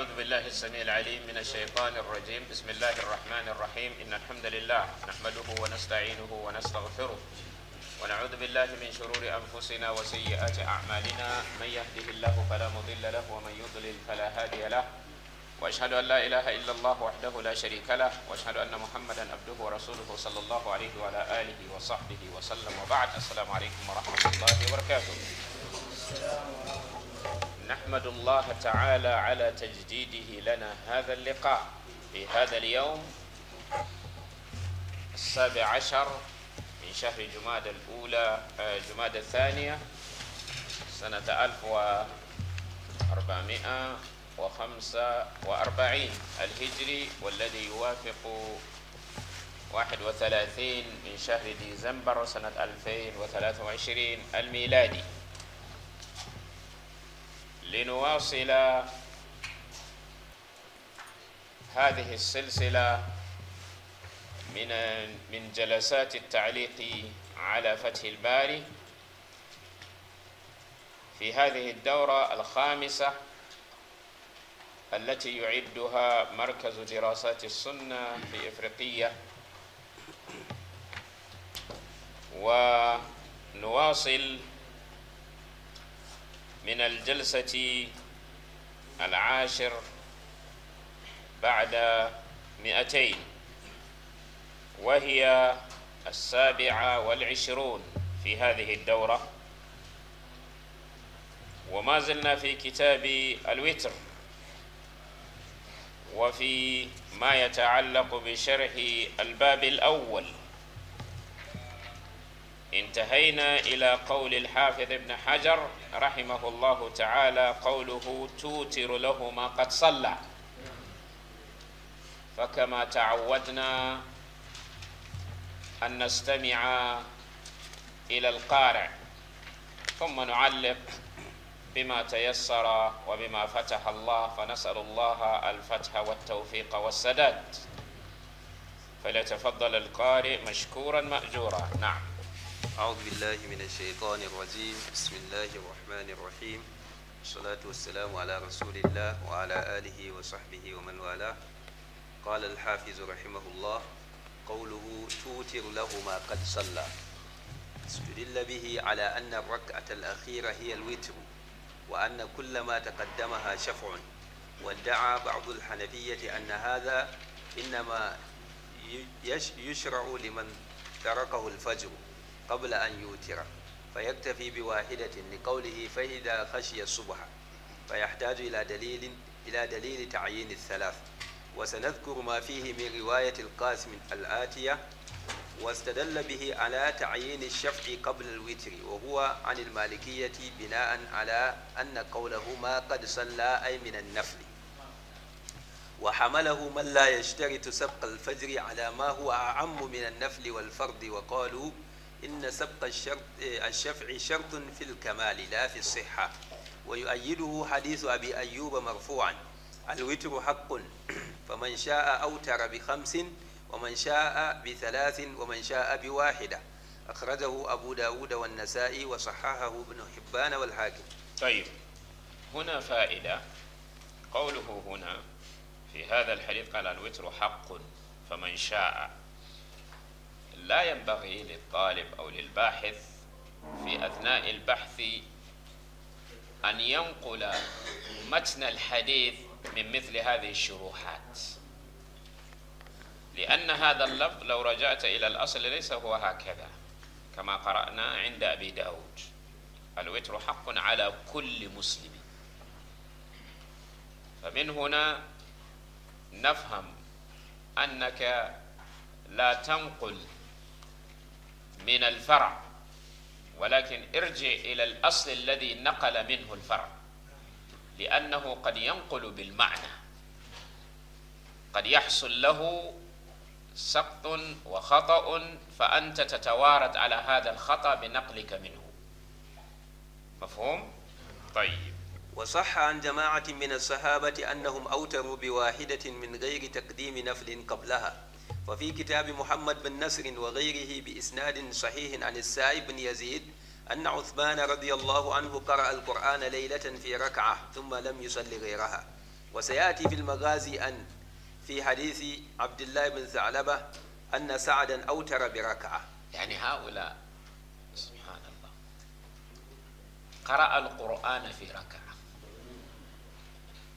أعوذ بالله السميع العليم من الشيطان الرجيم بسم الله الرحمن الرحيم إن الحمد لله نحمده ونستعينه ونستغفره ونعوذ بالله من شرور أنفسنا وسيئات أعمالنا من يهده الله فلا مضل له ومن يضلل فلا هادي له وأشهد أن لا إله إلا الله وحده لا شريك له وأشهد أن محمدا عبده ورسوله صلى الله عليه وعلى آله وصحبه وسلم وبعد السلام عليكم ورحمة الله وبركاته نحمد الله تعالى على تجديده لنا هذا اللقاء في هذا اليوم السابع عشر من شهر جماد الأولى آه، جماد الثانية سنة 1445 الهجري والذي يوافق 31 من شهر ديسمبر سنة 2023 الميلادي لنواصل هذه السلسلة من من جلسات التعليق على فتح الباري في هذه الدورة الخامسة التي يعدها مركز دراسات السنة في إفريقية ونواصل من الجلسة العاشر بعد مئتين وهي السابعة والعشرون في هذه الدورة وما زلنا في كتاب الوتر وفي ما يتعلق بشرح الباب الأول انتهينا إلى قول الحافظ ابن حجر رحمه الله تعالى قوله توتر له ما قد صلى فكما تعودنا أن نستمع إلى القارئ ثم نعلق بما تيسر وبما فتح الله فنسأل الله الفتح والتوفيق والسداد فليتفضل القارئ مشكورا مأجورا نعم أعوذ بالله من الشيطان الرجيم بسم الله الرحمن الرحيم الصلاة والسلام على رسول الله وعلى آله وصحبه ومن والاه قال الحافظ رحمه الله قوله توتر له ما قد صلى استدل به على أن الركعة الأخيرة هي الوتر وأن كل ما تقدمها شفع وادعى بعض الحنفية أن هذا إنما يشرع لمن تركه الفجر قبل أن يوتر فيكتفي بواحدة لقوله فإذا خشي الصبح فيحتاج إلى دليل إلى دليل تعيين الثلاث وسنذكر ما فيه من رواية القاسم الآتية واستدل به على تعيين الشفع قبل الوتر وهو عن المالكية بناء على أن قوله ما قد صلى أي من النفل وحمله من لا يشترط سبق الفجر على ما هو أعم من النفل والفرض وقالوا إن سبق الشرط الشفع شرط في الكمال لا في الصحة ويؤيده حديث أبي أيوب مرفوعا الوتر حق فمن شاء أوتر بخمس ومن شاء بثلاث ومن شاء بواحدة أخرجه أبو داود والنسائي وصححه ابن حبان والحاكم طيب هنا فائدة قوله هنا في هذا الحديث قال الوتر حق فمن شاء لا ينبغي للطالب أو للباحث في أثناء البحث أن ينقل متن الحديث من مثل هذه الشروحات لأن هذا اللفظ لو رجعت إلى الأصل ليس هو هكذا كما قرأنا عند أبي داود الوتر حق على كل مسلم فمن هنا نفهم أنك لا تنقل من الفرع ولكن ارجع إلى الأصل الذي نقل منه الفرع لأنه قد ينقل بالمعنى قد يحصل له سقط وخطأ فأنت تتوارد على هذا الخطأ بنقلك منه مفهوم؟ طيب وصح عن جماعة من الصحابة أنهم أوتروا بواحدة من غير تقديم نفل قبلها وفي كتاب محمد بن نسر وغيره بإسناد صحيح عن السائب بن يزيد أن عثمان رضي الله عنه قرأ القرآن ليلة في ركعة ثم لم يصل غيرها وسيأتي في المغازي أن في حديث عبد الله بن ثعلبة أن سعدا أوتر بركعة يعني هؤلاء سبحان الله قرأ القرآن في ركعة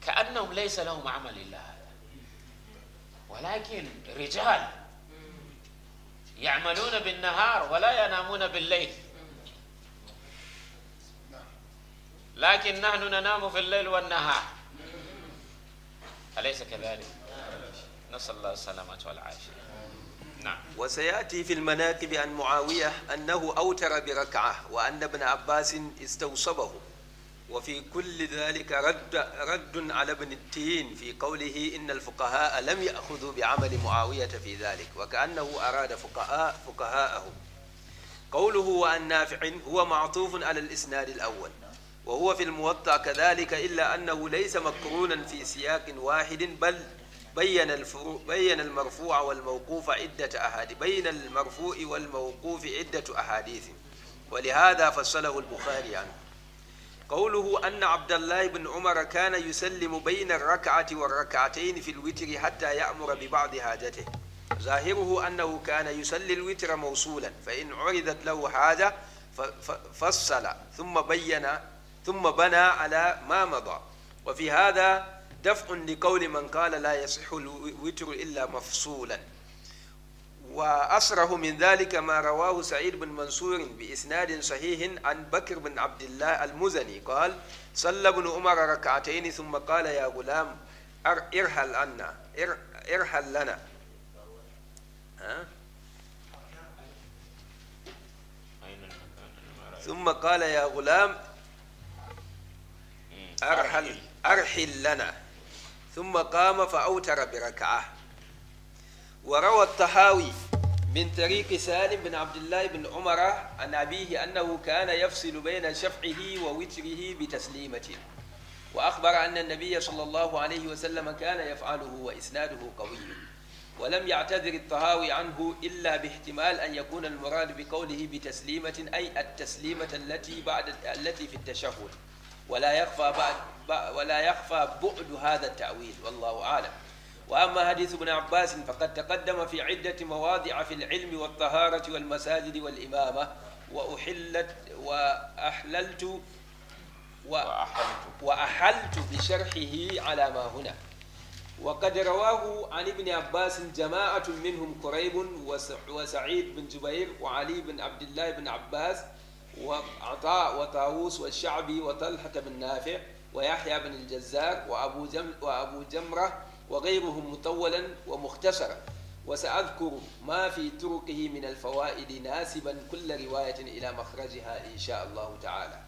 كأنهم ليس لهم عمل الله ولكن رجال يعملون بالنهار ولا ينامون بالليل لكن نحن ننام في الليل والنهار أليس كذلك؟ نسأل الله السلامة والعافية نعم وسيأتي في المناقب عن معاوية أنه أوتر بركعة وأن ابن عباس استوصبه وفي كل ذلك رد رد على ابن التين في قوله إن الفقهاء لم يأخذوا بعمل معاوية في ذلك وكأنه أراد فقهاء فقهاءه قوله وأن نافع هو معطوف على الإسناد الأول وهو في الموطأ كذلك إلا أنه ليس مقرونا في سياق واحد بل بين بين المرفوع والموقوف عدة أحاديث بين المرفوع والموقوف عدة أحاديث ولهذا فصله البخاري عنه قوله أن عبد الله بن عمر كان يسلم بين الركعة والركعتين في الوتر حتى يأمر ببعض حاجته ظاهره أنه كان يصلي الوتر موصولا فإن عرضت له حاجة فصل ثم بين ثم بنى على ما مضى وفي هذا دفع لقول من قال لا يصح الوتر إلا مفصولا وأسره من ذلك ما رواه سعيد بن منصور بإسناد صحيح عن بكر بن عبد الله المزني قال صلى ابن عمر ركعتين ثم قال يا غلام ارحل عنا ارحل لنا ها؟ ثم قال يا غلام أرحل أرحل لنا ثم قام فأوتر بركعة وروى الطحاوي من طريق سالم بن عبد الله بن عمر عن أبيه أنه كان يفصل بين شفعه ووتره بتسليمة وأخبر أن النبي صلى الله عليه وسلم كان يفعله وإسناده قوي ولم يعتذر الطهاوي عنه إلا باحتمال أن يكون المراد بقوله بتسليمة أي التسليمة التي بعد التي في التشهد ولا يخفى بعد ولا يخفى بعد هذا التأويل والله أعلم وأما حديث ابن عباس فقد تقدم في عدة مواضع في العلم والطهارة والمساجد والإمامة وأحلت وأحللت وأحلت, وأحلت بشرحه على ما هنا وقد رواه عن ابن عباس جماعة منهم قريب وسعيد بن جبير وعلي بن عبد الله بن عباس وعطاء وطاووس والشعبي وطلحة بن نافع ويحيى بن الجزار وأبو جم وأبو جمرة وغيرهم مطولا ومختصرا وسأذكر ما في طرقه من الفوائد ناسبا كل رواية إلى مخرجها إن شاء الله تعالى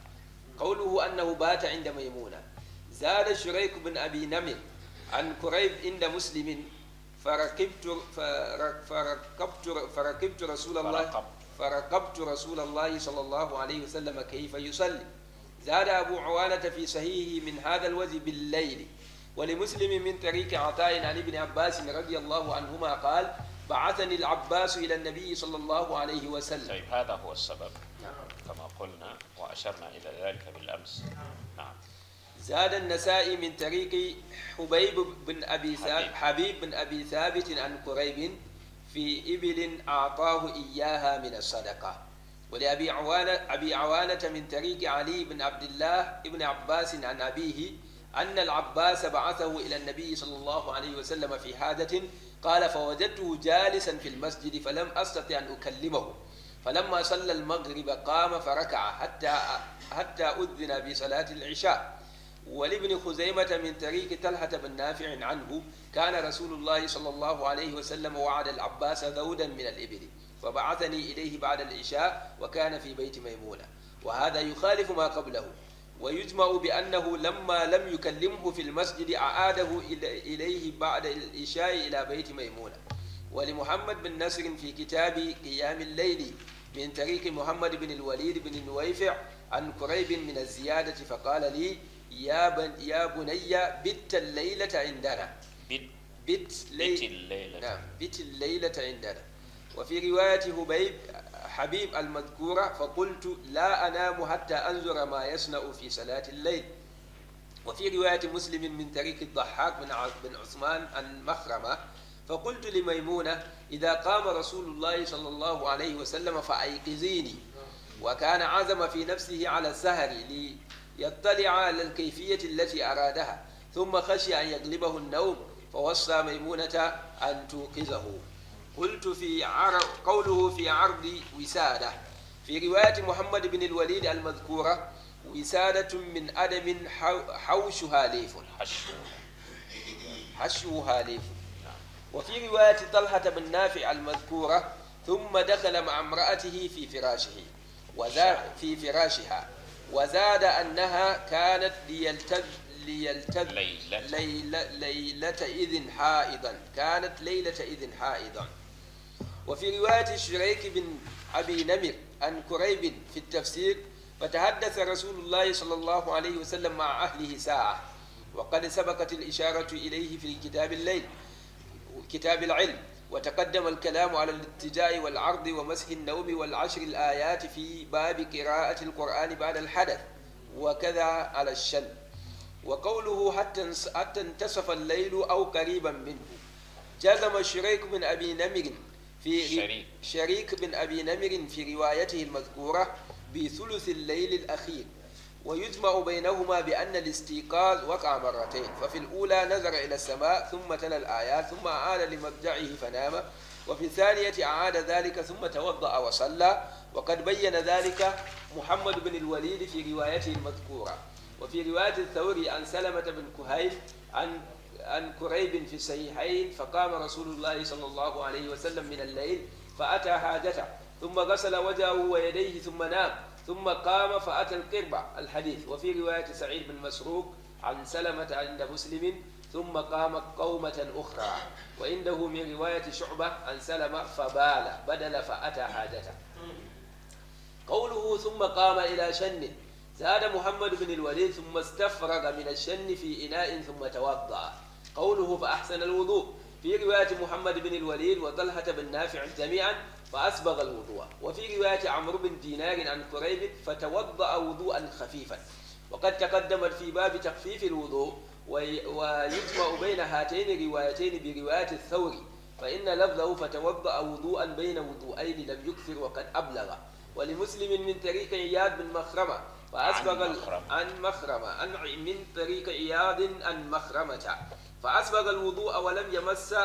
قوله أنه بات عند ميمونة زاد شريك بن أبي نمر عن كريب عند مسلم فركبت فركبت فركبت رسول الله فركبت رسول الله صلى الله عليه وسلم كيف يصلي زاد أبو عوانة في صحيحه من هذا الوجه بالليل ولمسلم من طريق عطاء عن ابن عباس رضي الله عنهما قال بعثني العباس إلى النبي صلى الله عليه وسلم طيب هذا هو السبب نعم. كما قلنا وأشرنا إلى ذلك بالأمس نعم. نعم زاد النسائي من طريق حبيب بن أبي ثابت حبيب بن أبي ثابت عن قريب في إبل أعطاه إياها من الصدقة ولأبي عوانة أبي عوانة من طريق علي بن عبد الله ابن عباس عن أبيه أن العباس بعثه إلى النبي صلى الله عليه وسلم في حاجة قال فوجدته جالسا في المسجد فلم أستطع أن أكلمه فلما صلى المغرب قام فركع حتى حتى أذن بصلاة العشاء ولابن خزيمة من طريق طلحة بن نافع عنه كان رسول الله صلى الله عليه وسلم وعد العباس ذودا من الإبل فبعثني إليه بعد العشاء وكان في بيت ميمونة وهذا يخالف ما قبله wa yujma'u bi annahu lamma lam yukallimhu fil masjidi a'adahu ilayhi ba'da al-isha'i ila bayti mai wa li muhammad bin nasrin fi kitabi qiyam al-layl min tariqi muhammad bin walid bin nuwayfi' an qurayb min az-ziyadati fa ya bunayya bitta al-laylata indana bit laylata indana wa fi riwayati hubayb حبيب المذكورة فقلت لا أنام حتى أنظر ما يصنع في صلاة الليل وفي رواية مسلم من طريق الضحاك بن عثمان عن مخرمة فقلت لميمونة إذا قام رسول الله صلى الله عليه وسلم فأيقظيني وكان عزم في نفسه على السهر ليطلع على الكيفية التي أرادها ثم خشي أن يغلبه النوم فوصى ميمونة أن توقظه قلت في عرض قوله في عرض وسادة في رواية محمد بن الوليد المذكورة وسادة من أدم حوشها ليف حشوها ليف وفي رواية طلحة بن نافع المذكورة ثم دخل مع امرأته في فراشه وزاد في فراشها وزاد أنها كانت ليلتذ ليلتذ ليلة, ليلة, إذن حائضا كانت ليلة إذن حائضا وفي رواية شريك بن أبي نمر عن كريب في التفسير فتحدث رسول الله صلى الله عليه وسلم مع أهله ساعة وقد سبقت الإشارة إليه في كتاب الليل كتاب العلم وتقدم الكلام على الاتجاء والعرض ومسح النوم والعشر الآيات في باب قراءة القرآن بعد الحدث وكذا على الشن وقوله حتى انتصف الليل أو قريبا منه جزم الشريك بن أبي نمر في شريك شريك بن أبي نمر في روايته المذكورة بثلث الليل الأخير ويجمع بينهما بأن الاستيقاظ وقع مرتين ففي الأولى نظر إلى السماء ثم تلا الآيات ثم عاد لمبدعه فنام وفي الثانية أعاد ذلك ثم توضأ وصلى وقد بين ذلك محمد بن الوليد في روايته المذكورة وفي رواية الثوري عن سلمة بن كهيل عن عن كريب في الصحيحين فقام رسول الله صلى الله عليه وسلم من الليل فأتى حاجته ثم غسل وجهه ويديه ثم نام ثم قام فأتى القربة الحديث وفي رواية سعيد بن مسروق عن سلمة عند مسلم ثم قام قومة أخرى وعنده من رواية شعبة عن سلمة فبال بدل فأتى حاجته قوله ثم قام إلى شن زاد محمد بن الوليد ثم استفرغ من الشن في إناء ثم توضأ قوله فأحسن الوضوء في رواية محمد بن الوليد وطلحة بن نافع جميعا فأسبغ الوضوء وفي رواية عمرو بن دينار عن قريب فتوضأ وضوءا خفيفا وقد تقدمت في باب تخفيف الوضوء ويجمع بين هاتين الروايتين برواية الثوري فإن لفظه فتوضأ وضوءا بين وضوءين لم يكثر وقد أبلغ ولمسلم من طريق إياد بن مخرمة فأسبغ عن مخرمة عن من طريق إياد عن مخرمة فأسبغ الوضوء ولم يمس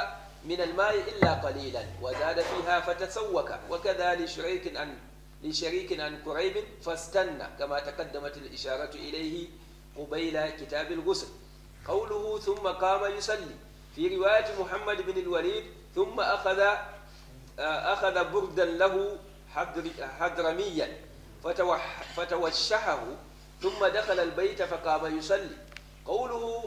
من الماء إلا قليلا وزاد فيها فتسوك وكذا لشريك أن لشريك أن كريب فاستنى كما تقدمت الإشارة إليه قبيل كتاب الغسل قوله ثم قام يصلي في رواية محمد بن الوليد ثم أخذ أخذ بردا له حضرميا فتوشحه ثم دخل البيت فقام يصلي قوله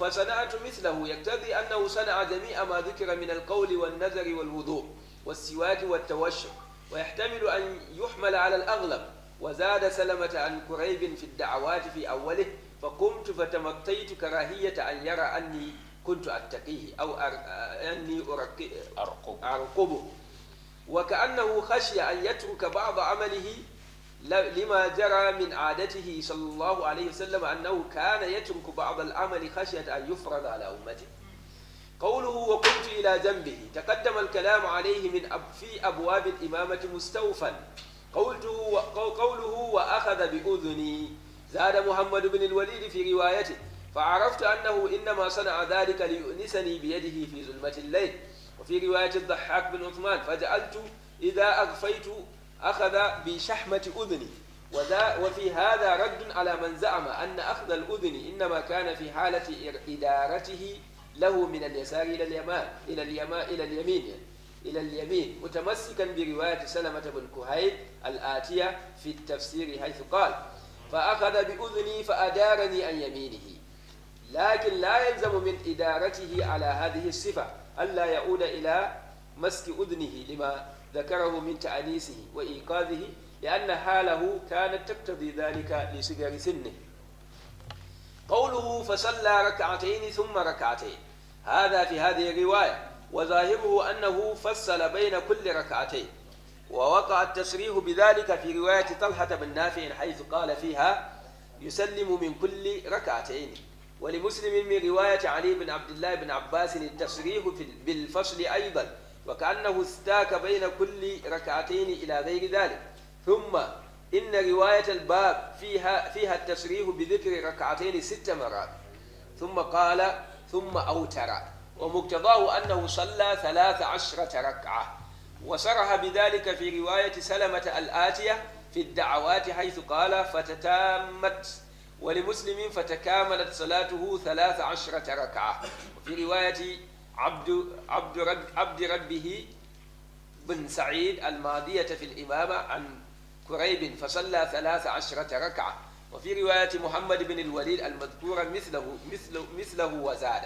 فصنعت مثله يقتضي أنه صنع جميع ما ذكر من القول والنذر والوضوء والسواك والتوشم ويحتمل أن يحمل على الأغلب وزاد سلمة عن كريب في الدعوات في أوله فقمت فتمطيت كراهية أن يرى أني كنت أتقيه أو أني أرقبه وكأنه خشي أن يترك بعض عمله لما جرى من عادته صلى الله عليه وسلم أنه كان يترك بعض العمل خشية أن يفرض على أمته قوله وقمت إلى ذنبه تقدم الكلام عليه من أب في أبواب الإمامة مستوفا قوله, قوله وأخذ بأذني زاد محمد بن الوليد في روايته فعرفت أنه إنما صنع ذلك ليؤنسني بيده في ظلمة الليل وفي رواية الضحاك بن عثمان فجعلت إذا أغفيت أخذ بشحمة أذني وفي هذا رد على من زعم أن أخذ الأذن إنما كان في حالة إدارته له من اليسار إلى اليمين إلى اليمين إلى اليمين إلى اليمين متمسكا برواية سلمة بن كهيل الآتية في التفسير حيث قال فأخذ بأذني فأدارني عن يمينه لكن لا يلزم من إدارته على هذه الصفة ألا يعود إلى مسك أذنه لما ذكره من تأنيسه وإيقاظه لأن حاله كانت تقتضي ذلك لصغر سنه قوله فصلى ركعتين ثم ركعتين هذا في هذه الرواية وظاهره أنه فصل بين كل ركعتين ووقع التصريح بذلك في رواية طلحة بن نافع حيث قال فيها يسلم من كل ركعتين ولمسلم من رواية علي بن عبد الله بن عباس التصريح بالفصل أيضا وكأنه استاك بين كل ركعتين إلى غير ذلك ثم إن رواية الباب فيها فيها التصريح بذكر ركعتين ست مرات ثم قال ثم أوتر ومقتضاه أنه صلى ثلاث عشرة ركعة وصرح بذلك في رواية سلمة الآتية في الدعوات حيث قال فتتامت ولمسلم فتكاملت صلاته ثلاث عشرة ركعة وفي رواية عبد عبد رب عبد ربه بن سعيد الماضية في الإمامة عن كريب فصلى ثلاث عشرة ركعة وفي رواية محمد بن الوليد المذكورة مثله مثله مثله وزاد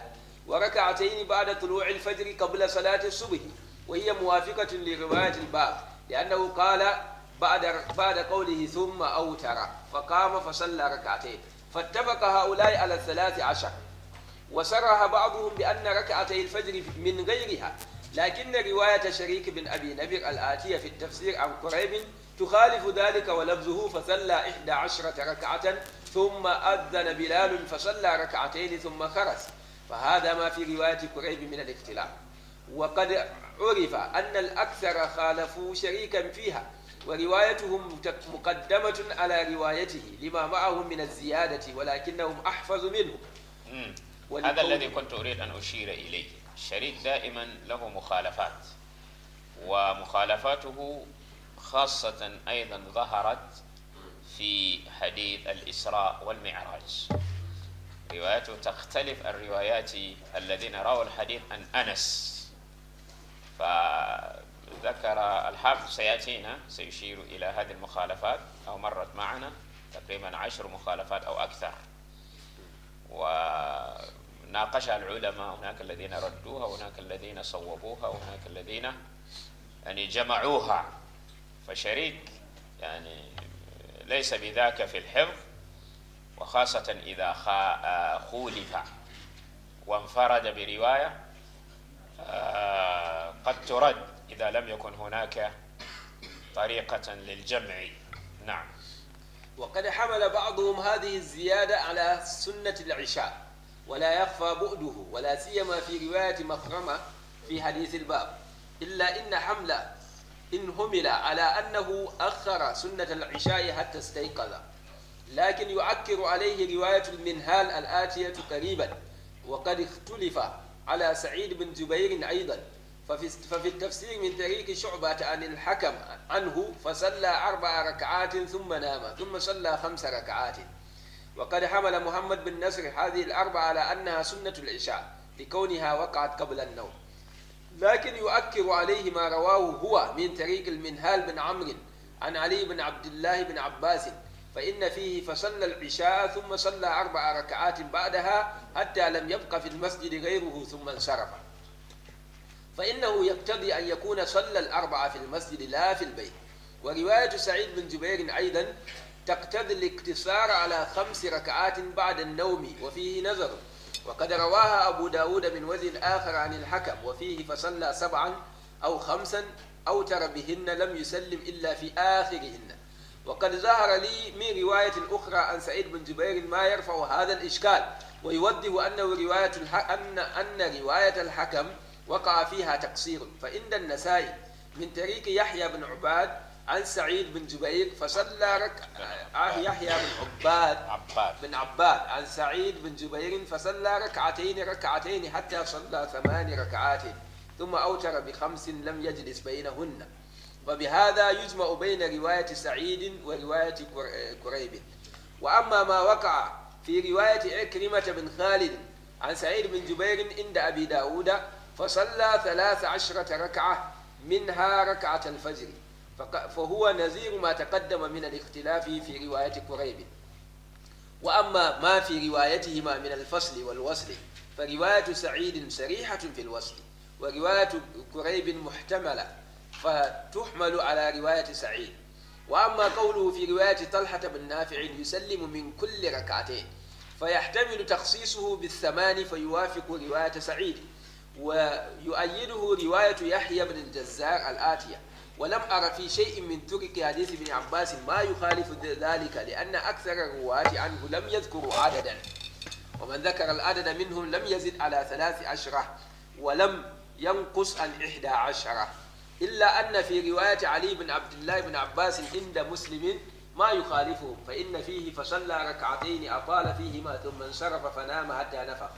وركعتين بعد طلوع الفجر قبل صلاة الصبح وهي موافقة لرواية الباب لأنه قال بعد بعد قوله ثم أوتر فقام فصلى ركعتين فاتفق هؤلاء على الثلاث عشر وسرها بعضهم بأن ركعتي الفجر من غيرها لكن رواية شريك بن أبي نبر الآتية في التفسير عن قريب تخالف ذلك ولفظه فصلى إحدى عشرة ركعة ثم أذن بلال فصلى ركعتين ثم خرس فهذا ما في رواية قريب من الاختلاف وقد عرف أن الأكثر خالفوا شريكا فيها وروايتهم مقدمة على روايته لما معهم من الزيادة ولكنهم أحفظ منه هذا الذي كنت أريد أن أشير إليه الشريك دائما له مخالفات ومخالفاته خاصة أيضا ظهرت في حديث الإسراء والمعراج روايته تختلف الروايات الذين رووا الحديث عن أنس فذكر الحافظ سيأتينا سيشير إلى هذه المخالفات أو مرت معنا تقريبا عشر مخالفات أو أكثر و ناقشها العلماء هناك الذين ردوها هناك الذين صوبوها هناك الذين يعني جمعوها فشريك يعني ليس بذاك في الحفظ وخاصة إذا خولف وانفرد برواية آه، قد ترد إذا لم يكن هناك طريقة للجمع نعم وقد حمل بعضهم هذه الزيادة على سنة العشاء ولا يخفى بؤده ولا سيما في رواية مخرمة في حديث الباب إلا إن حملة إن همل على أنه أخر سنة العشاء حتى استيقظ لكن يعكر عليه رواية المنهال الآتية قريبا وقد اختلف على سعيد بن جبير أيضا ففي التفسير من طريق شعبة عن الحكم عنه فصلى أربع ركعات ثم نام ثم صلى خمس ركعات وقد حمل محمد بن نصر هذه الأربعة على أنها سنة العشاء لكونها وقعت قبل النوم لكن يؤكر عليه ما رواه هو من طريق المنهال بن عمرو عن علي بن عبد الله بن عباس فإن فيه فصلى العشاء ثم صلى أربع ركعات بعدها حتى لم يبق في المسجد غيره ثم انصرف فإنه يقتضي أن يكون صلى الأربعة في المسجد لا في البيت ورواية سعيد بن جبير أيضا تقتضي الاقتصار على خمس ركعات بعد النوم وفيه نذر وقد رواها أبو داود من وزن آخر عن الحكم وفيه فصلى سبعا أو خمسا أوتر بهن لم يسلم إلا في آخرهن وقد ظهر لي من رواية أخرى عن سعيد بن جبير ما يرفع هذا الإشكال ويوضح أنه رواية أن أن رواية الحكم وقع فيها تقصير فإن النسائي من طريق يحيى بن عباد عن سعيد بن جبير فصلى ركعة آه، يحيى بن عباد عباد بن عباد عن سعيد بن جبير فصلى ركعتين ركعتين حتى صلى ثمان ركعات ثم أوتر بخمس لم يجلس بينهن وبهذا يجمع بين رواية سعيد ورواية كريب وأما ما وقع في رواية عكرمة بن خالد عن سعيد بن جبير عند أبي داود فصلى ثلاث عشرة ركعة منها ركعة الفجر فهو نذير ما تقدم من الاختلاف في رواية قريب وأما ما في روايتهما من الفصل والوصل فرواية سعيد سريحة في الوصل ورواية قريب محتملة فتحمل على رواية سعيد وأما قوله في رواية طلحة بن نافع يسلم من كل ركعتين فيحتمل تخصيصه بالثمان فيوافق رواية سعيد ويؤيده رواية يحيى بن الجزار الآتية ولم أرى في شيء من ترك حديث ابن عباس ما يخالف ذلك لأن أكثر الرواة عنه لم يذكروا عددا ومن ذكر العدد منهم لم يزد على ثلاث عشرة ولم ينقص عن إحدى عشرة إلا أن في رواية علي بن عبد الله بن عباس عند مسلم ما يخالفه فإن فيه فصلى ركعتين أطال فيهما ثم انصرف فنام حتى نفخ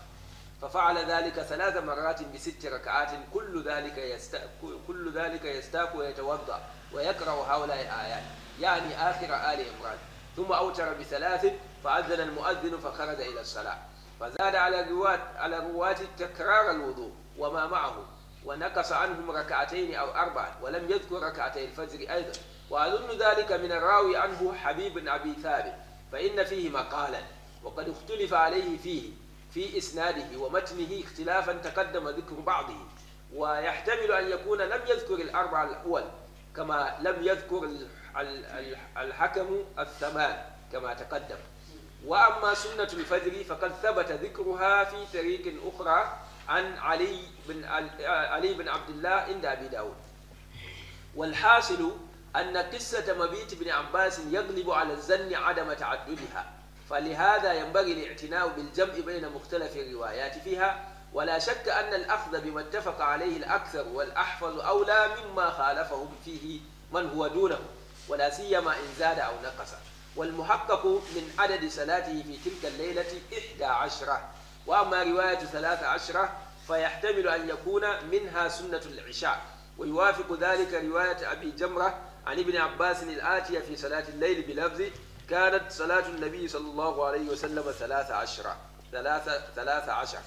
ففعل ذلك ثلاث مرات بست ركعات كل ذلك يستاك كل ذلك يستاك ويتوضا ويقرا هؤلاء الايات يعني اخر ال عمران ثم اوتر بثلاث فاذن المؤذن فخرج الى الصلاه فزاد على رواة على رواة تكرار الوضوء وما معه ونقص عنهم ركعتين او اربع ولم يذكر ركعتي الفجر ايضا واظن ذلك من الراوي عنه حبيب بن ابي ثابت فان فيه مقالا وقد اختلف عليه فيه في إسناده ومتنه اختلافا تقدم ذكر بعضه ويحتمل أن يكون لم يذكر الأربعة الأول كما لم يذكر الحكم الثمان كما تقدم وأما سنة الفجر فقد ثبت ذكرها في طريق أخرى عن علي بن آه، علي بن عبد الله عند أبي داود والحاصل أن قصة مبيت بن عباس يغلب على الزن عدم تعددها فلهذا ينبغي الاعتناء بالجمع بين مختلف الروايات فيها ولا شك أن الأخذ بما اتفق عليه الأكثر والأحفظ أولى مما خالفهم فيه من هو دونه ولا سيما إن زاد أو نقص والمحقق من عدد صلاته في تلك الليلة إحدى عشرة وأما رواية ثلاث عشرة فيحتمل أن يكون منها سنة العشاء ويوافق ذلك رواية أبي جمرة عن ابن عباس الآتية في صلاة الليل بلفظ كانت صلاة النبي صلى الله عليه وسلم ثلاث عشرة ثلاثة, ثلاثة عشر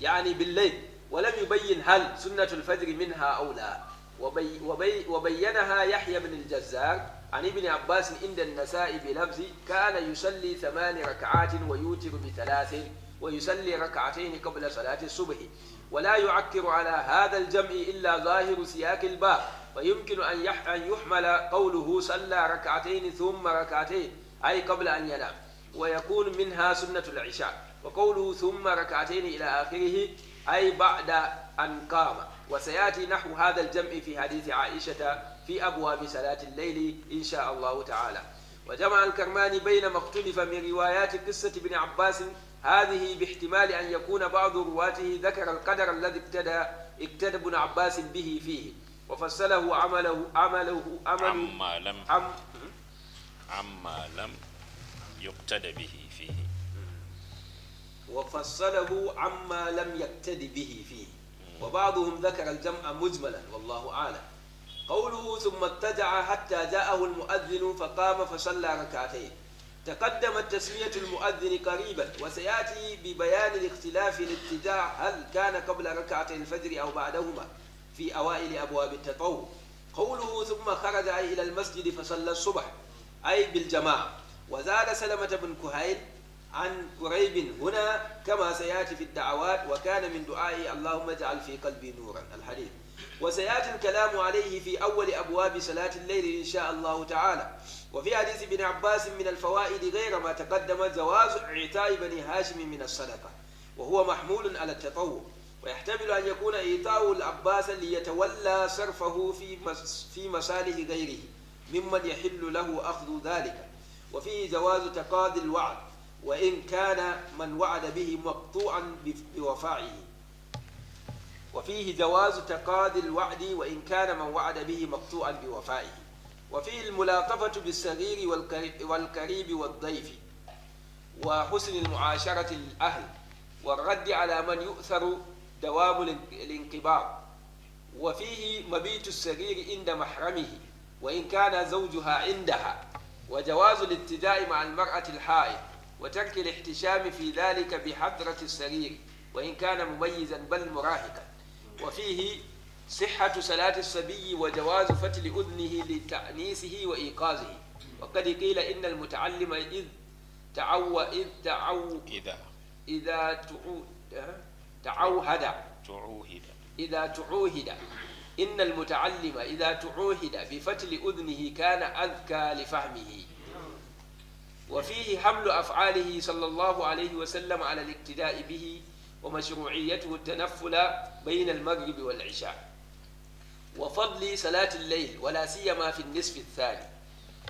يعني بالليل ولم يبين هل سنة الفجر منها أو لا وبي وبي وبينها يحيى بن الجزار عن ابن عباس عند النساء بلفظ كان يصلي ثمان ركعات ويوتر بثلاث ويصلي ركعتين قبل صلاة الصبح ولا يعكر على هذا الجمع إلا ظاهر سياق الباب ويمكن أن يحمل قوله صلى ركعتين ثم ركعتين أي قبل أن ينام ويكون منها سنة العشاء وقوله ثم ركعتين إلى آخره أي بعد أن قام وسيأتي نحو هذا الجمع في حديث عائشة في أبواب صلاة الليل إن شاء الله تعالى وجمع الكرماني بين ما اختلف من روايات قصة ابن عباس هذه باحتمال أن يكون بعض رواته ذكر القدر الذي ابتدى اقتدى ابن عباس به فيه وفصله عمله عمله عمله عم, عم عما لم يقتد به فيه وفصله عما لم يقتد به فيه وبعضهم ذكر الجمع مجملا والله أعلم قوله ثم اتجع حتى جاءه المؤذن فقام فصلى ركعتين تقدمت تسمية المؤذن قريبا وسيأتي ببيان الاختلاف الاتجاع هل كان قبل ركعتي الفجر أو بعدهما في أوائل أبواب التطوع قوله ثم خرج إلى المسجد فصلى الصبح أي بالجماعة وزاد سلمة بن كهيل عن قريب هنا كما سيأتي في الدعوات وكان من دعائه اللهم اجعل في قلبي نورا الحديث وسيأتي الكلام عليه في أول أبواب صلاة الليل إن شاء الله تعالى وفي حديث ابن عباس من الفوائد غير ما تقدم زواج إعطاء بني هاشم من الصدقة وهو محمول على التطوع ويحتمل أن يكون إيطاء العباس ليتولى صرفه في في مصالح غيره ممن يحل له أخذ ذلك وفيه جواز تقاضي الوعد وإن كان من وعد به مقطوعا بوفائه وفيه جواز تقاضي الوعد وإن كان من وعد به مقطوعا بوفائه وفيه الملاطفة بالصغير والقريب والضيف وحسن المعاشرة الأهل والرد على من يؤثر دوام الانقباض وفيه مبيت السرير عند محرمه وإن كان زوجها عندها وجواز الابتداء مع المرأة الحائض وترك الاحتشام في ذلك بحضرة السرير وإن كان مميزا بل مراهقا وفيه صحة صلاة الصبي وجواز فتل أذنه لتأنيسه وإيقاظه وقد قيل إن المتعلم إذ تعو إذ تعو إذا إذا تعو تعوهد تعوهد إذا تعوهد إن المتعلم إذا تعوهد بفتل أذنه كان أذكى لفهمه وفيه حمل أفعاله صلى الله عليه وسلم على الاقتداء به ومشروعيته التنفل بين المغرب والعشاء وفضل صلاة الليل ولا سيما في النصف الثاني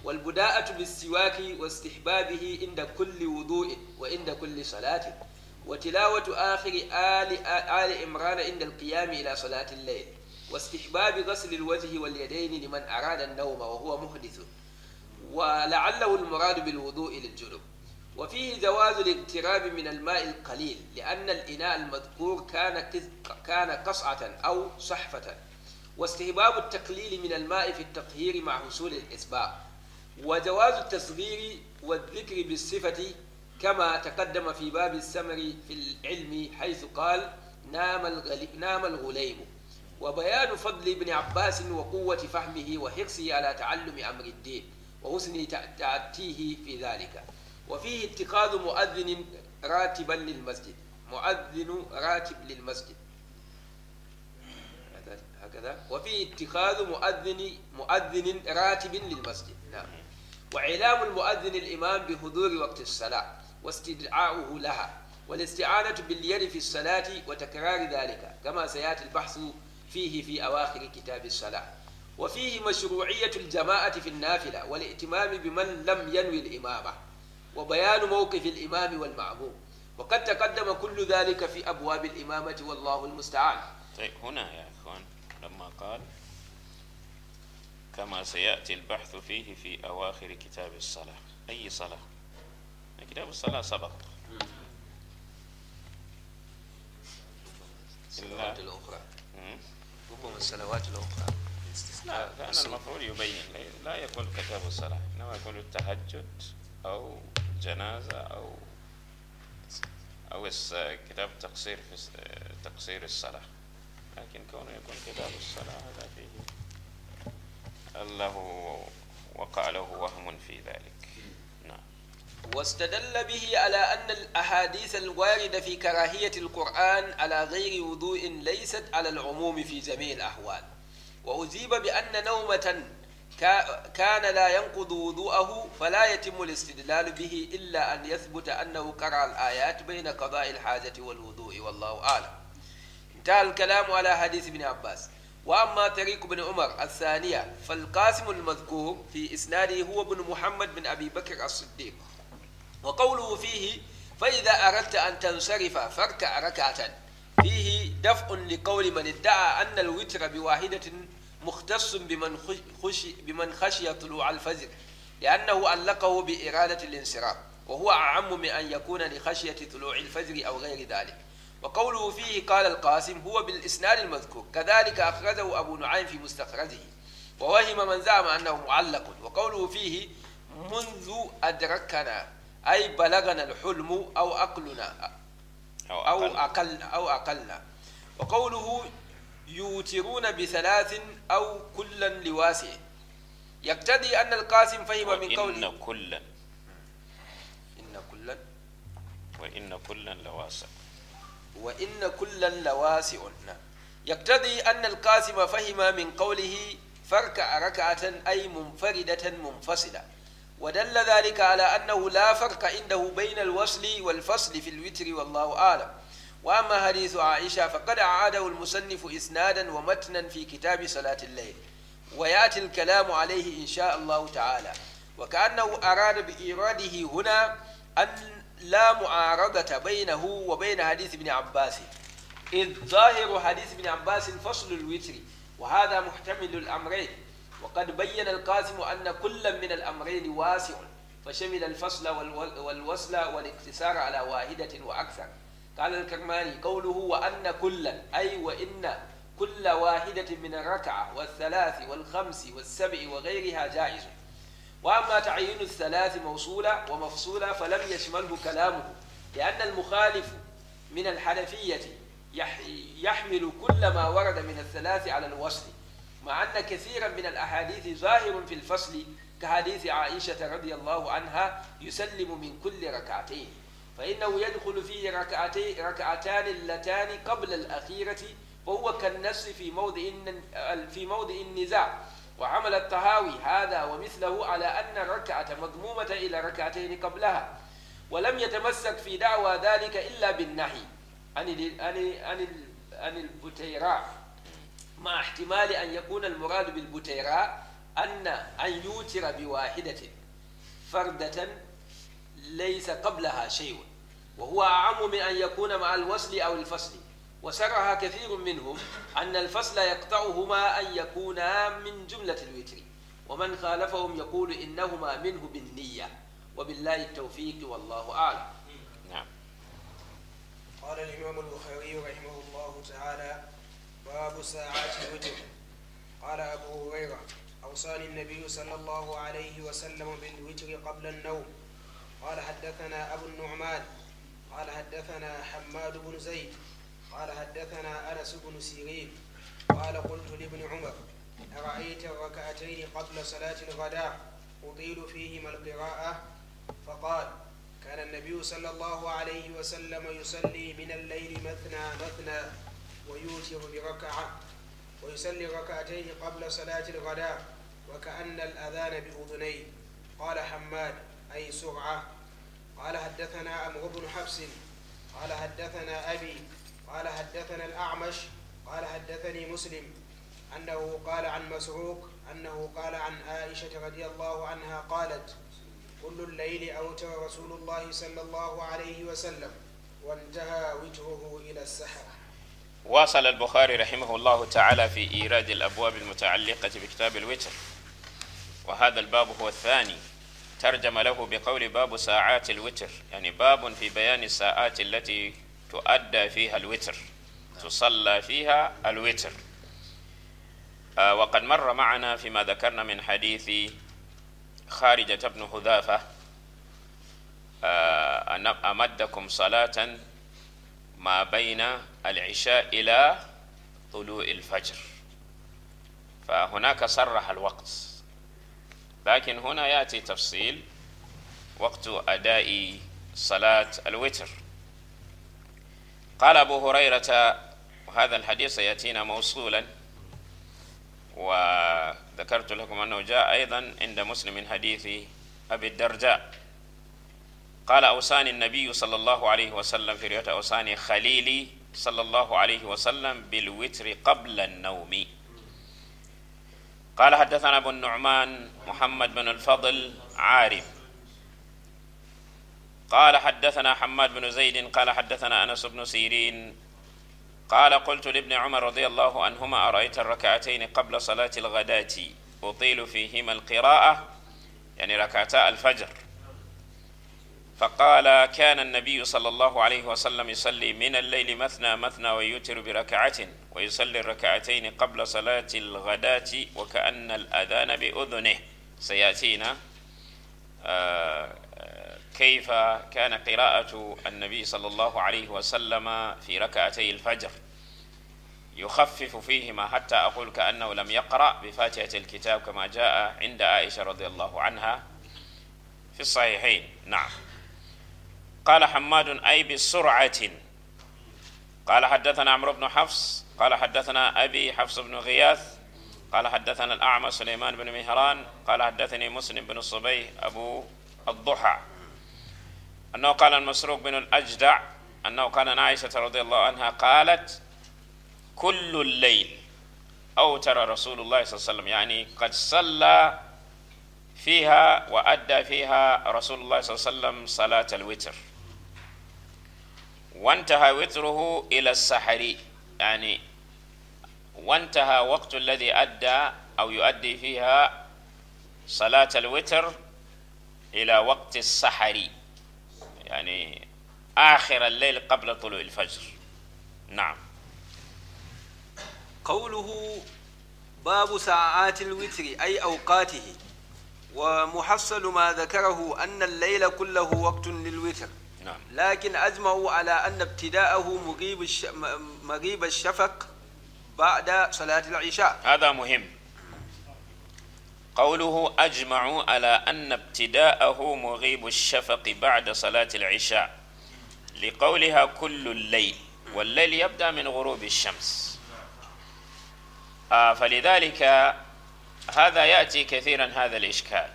والبداءة بالسواك واستحبابه عند كل وضوء وعند كل صلاة وتلاوة آخر آل آل إمران عند القيام إلى صلاة الليل واستحباب غسل الوجه واليدين لمن أراد النوم وهو محدث ولعله المراد بالوضوء للجنب وفيه جواز الاقتراب من الماء القليل لأن الإناء المذكور كان كان قصعة أو صحفة واستحباب التقليل من الماء في التطهير مع حصول الإسباب وجواز التصغير والذكر بالصفة كما تقدم في باب السمر في العلم حيث قال نام نام الغليم وبيان فضل ابن عباس وقوة فهمه وحرصه على تعلم أمر الدين وحسن تأتيه في ذلك وفيه اتخاذ مؤذن راتبا للمسجد مؤذن راتب للمسجد هكذا وفيه اتخاذ مؤذن مؤذن راتب للمسجد نعم وإعلام المؤذن الإمام بحضور وقت الصلاة واستدعاؤه لها والاستعانة باليد في الصلاة وتكرار ذلك كما سيأتي البحث فيه في أواخر كتاب الصلاة وفيه مشروعية الجماعة في النافلة والائتمام بمن لم ينوي الإمامة وبيان موقف الإمام والمعموم وقد تقدم كل ذلك في أبواب الإمامة والله المستعان طيب هنا يا أخوان لما قال كما سيأتي البحث فيه في أواخر كتاب الصلاة أي صلاة كتاب الصلاة سبق الصلاة الأخرى ربما السنوات الأخرى لا فأنا المفروض يبين لا يكون كتاب الصلاة إنما يكون التهجد أو الجنازة أو أو كتاب تقصير في تقصير الصلاة لكن كونه يكون كتاب الصلاة هذا فيه الله وقع له وهم في ذلك واستدل به على أن الأحاديث الواردة في كراهية القرآن على غير وضوء ليست على العموم في جميع الأحوال وأجيب بأن نومة كان لا ينقض وضوءه فلا يتم الاستدلال به إلا أن يثبت أنه قرأ الآيات بين قضاء الحاجة والوضوء والله أعلم انتهى الكلام على حديث ابن عباس وأما طريق بن عمر الثانية فالقاسم المذكور في إسناده هو بن محمد بن أبي بكر الصديق وقوله فيه فإذا أردت أن تنصرف فاركع ركعة فيه دفء لقول من ادعى أن الوتر بواحدة مختص بمن خشي, بمن خشي طلوع الفجر لأنه علقه بإرادة الانصراف وهو أعم من أن يكون لخشية طلوع الفجر أو غير ذلك وقوله فيه قال القاسم هو بالإسناد المذكور كذلك أخرجه أبو نعيم في مستخرجه ووهم من زعم أنه معلق وقوله فيه منذ أدركنا أي بلغنا الحلم أو أقلنا أو, أو أقل أو أقلنا وقوله يوترون بثلاث أو كلا لواسع يقتضي أن القاسم فهم من قوله إن كلا إن كلا وإن كلا لواسع وإن كلا لواسع نعم. يقتضي أن القاسم فهم من قوله فركع ركعة أي منفردة منفصلة ودل ذلك على أنه لا فرق عنده بين الوصل والفصل في الوتر والله أعلم وأما حديث عائشة فقد أعاده المصنف إسنادا ومتنا في كتاب صلاة الليل ويأتي الكلام عليه إن شاء الله تعالى وكأنه أراد بإيراده هنا أن لا معارضة بينه وبين حديث ابن عباس إذ ظاهر حديث ابن عباس فصل الوتر وهذا محتمل الأمرين وقد بين القاسم أن كل من الأمرين واسع فشمل الفصل والوصل والاقتصار على واحدة وأكثر قال الكرماني قوله وأن كلا أي وإن كل واحدة من الركعة والثلاث والخمس والسبع وغيرها جائز وأما تعيين الثلاث موصولة ومفصولة فلم يشمله كلامه لأن المخالف من الحنفية يحمل كل ما ورد من الثلاث على الوصل مع أن كثيرا من الأحاديث ظاهر في الفصل كحديث عائشة رضي الله عنها يسلم من كل ركعتين فإنه يدخل فيه ركعتين ركعتان اللتان قبل الأخيرة فهو كالنص في موضع في موضع النزاع وعمل الطهاوي هذا ومثله على أن الركعة مضمومة إلى ركعتين قبلها ولم يتمسك في دعوى ذلك إلا بالنهي عن عن عن البتيراع مع احتمال أن يكون المراد بالبتيراء أن أن يوتر بواحدة فردة ليس قبلها شيء وهو أعم من أن يكون مع الوصل أو الفصل وسرها كثير منهم أن الفصل يقطعهما أن يكونا من جملة الوتر ومن خالفهم يقول إنهما منه بالنية وبالله التوفيق والله أعلم نعم قال الإمام البخاري رحمه الله تعالى باب ساعات الوتر قال أبو هريرة أوصاني النبي صلى الله عليه وسلم بالوتر قبل النوم قال حدثنا أبو النعمان قال حدثنا حماد بن زيد قال حدثنا أنس بن سيرين قال قلت لابن عمر أرأيت الركعتين قبل صلاة الغداء أطيل فيهما القراءة فقال كان النبي صلى الله عليه وسلم يصلي من الليل مثنى مثنى ويوتر بركعة ويصلي ركعتيه قبل صلاة الغداء وكأن الأذان بأذنيه قال حماد أي سرعة قال حدثنا أمر بن حفص قال حدثنا أبي قال حدثنا الأعمش قال حدثني مسلم أنه قال عن مسروق أنه قال عن عائشة رضي الله عنها قالت كل الليل أوتر رسول الله صلى الله عليه وسلم وانتهى وجهه إلى السحر واصل البخاري رحمه الله تعالى في إيراد الأبواب المتعلقة بكتاب الوتر وهذا الباب هو الثاني ترجم له بقول باب ساعات الوتر يعني باب في بيان الساعات التي تؤدى فيها الوتر تصلى فيها الوتر آه وقد مر معنا فيما ذكرنا من حديث خارجة بن حذافة آه أمدكم صلاة ما بين العشاء إلى طلوع الفجر فهناك صرح الوقت لكن هنا يأتي تفصيل وقت أداء صلاة الوتر قال أبو هريرة وهذا الحديث يأتينا موصولا وذكرت لكم أنه جاء أيضا عند مسلم من حديث أبي الدرداء قال أوصاني النبي صلى الله عليه وسلم في رواية أوصاني خليلي صلى الله عليه وسلم بالوتر قبل النوم قال حدثنا أبو النعمان محمد بن الفضل عارف قال حدثنا حماد بن زيد قال حدثنا أنس بن سيرين قال قلت لابن عمر رضي الله عنهما أرأيت الركعتين قبل صلاة الغداة أطيل فيهما القراءة يعني ركعتا الفجر فقال كان النبي صلى الله عليه وسلم يصلي من الليل مثنى مثنى ويوتر بركعة ويصلي الركعتين قبل صلاة الغداة وكأن الأذان بأذنه سيأتينا آه، آه، كيف كان قراءة النبي صلى الله عليه وسلم في ركعتي الفجر يخفف فيهما حتى أقول كأنه لم يقرأ بفاتحة الكتاب كما جاء عند عائشة رضي الله عنها في الصحيحين نعم قال حماد أي بسرعة قال حدثنا عمرو بن حفص قال حدثنا أبي حفص بن غياث قال حدثنا الأعمى سليمان بن مهران قال حدثني مسلم بن الصبي أبو الضحى أنه قال المسروق بن الأجدع أنه كان عائشة رضي الله عنها قالت كل الليل أوتر رسول الله صلى الله عليه وسلم يعني قد صلى فيها وأدى فيها رسول الله صلى الله عليه وسلم صلاة الوتر وانتهى وتره إلى السحر يعني وانتهى وقت الذي أدى أو يؤدي فيها صلاة الوتر إلى وقت السحر يعني آخر الليل قبل طلوع الفجر نعم قوله باب ساعات الوتر أي أوقاته ومحصل ما ذكره أن الليل كله وقت للوتر نعم. لكن أجمعوا على أن ابتداءه مغيب الش... مغيب الشفق بعد صلاة العشاء هذا مهم قوله أجمعوا على أن ابتداءه مغيب الشفق بعد صلاة العشاء لقولها كل الليل والليل يبدأ من غروب الشمس آه فلذلك هذا يأتي كثيرا هذا الإشكال